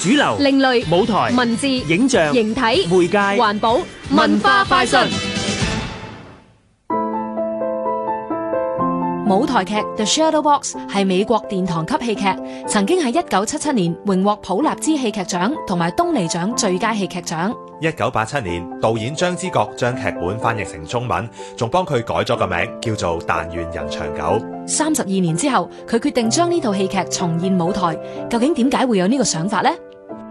主流、另類、舞台、文字、影像、形體、媒介、環保、文化快訊。舞台劇《The Shadow Box》係美國殿堂級戲劇，曾經喺一九七七年榮獲普立茲戲劇獎同埋東尼獎最佳戲劇獎。一九八七年，導演張之覺將劇本翻譯成中文，仲幫佢改咗個名，叫做《但願人長久》。三十二年之後，佢決定將呢套戲劇重現舞台，究竟點解會有呢個想法呢？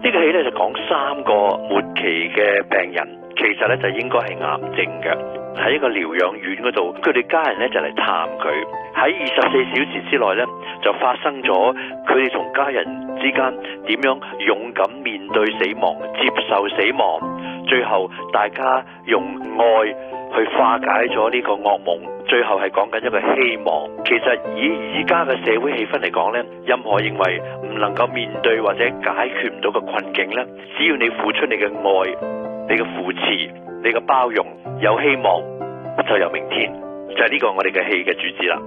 這呢個戲呢，就講三個末期嘅病人。其實咧就應該係癌症嘅，喺一個療養院嗰度，佢哋家人咧就嚟探佢。喺二十四小時之內咧，就發生咗佢哋同家人之間點樣勇敢面對死亡、接受死亡。最後大家用愛去化解咗呢個噩夢。最後係講緊一個希望。其實以而家嘅社會氣氛嚟講咧，任何認為唔能夠面對或者解決唔到嘅困境咧，只要你付出你嘅愛，你嘅扶持，你嘅包容，有希望就有明天，就係、是、呢個我哋嘅戲嘅主旨啦。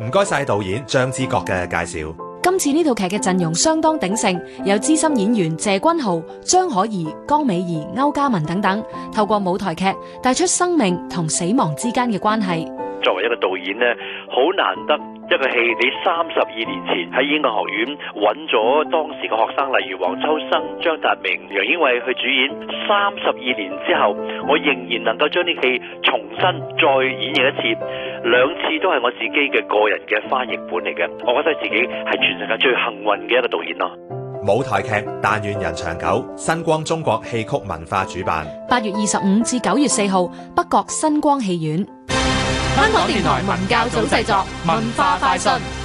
唔該晒導演張之國嘅介紹。今次呢套劇嘅陣容相當鼎盛，有資深演員謝君豪、張可頤、江美儀、歐嘉文等等，透過舞台劇帶出生命同死亡之間嘅關係。作為一個導演咧，好難得。一個戲你三十二年前喺演藝學院搵咗當時嘅學生，例如黃秋生、張達明、楊英偉去主演。三十二年之後，我仍然能夠將呢戲重新再演繹一次，兩次都係我自己嘅個人嘅翻譯本嚟嘅。我覺得自己係全世界最幸運嘅一個導演咯、啊。舞台劇《但願人長久》，新光中國戲曲文化主辦，八月二十五至九月四號，北角新光戲院。香港電台文教組製作文化快訊。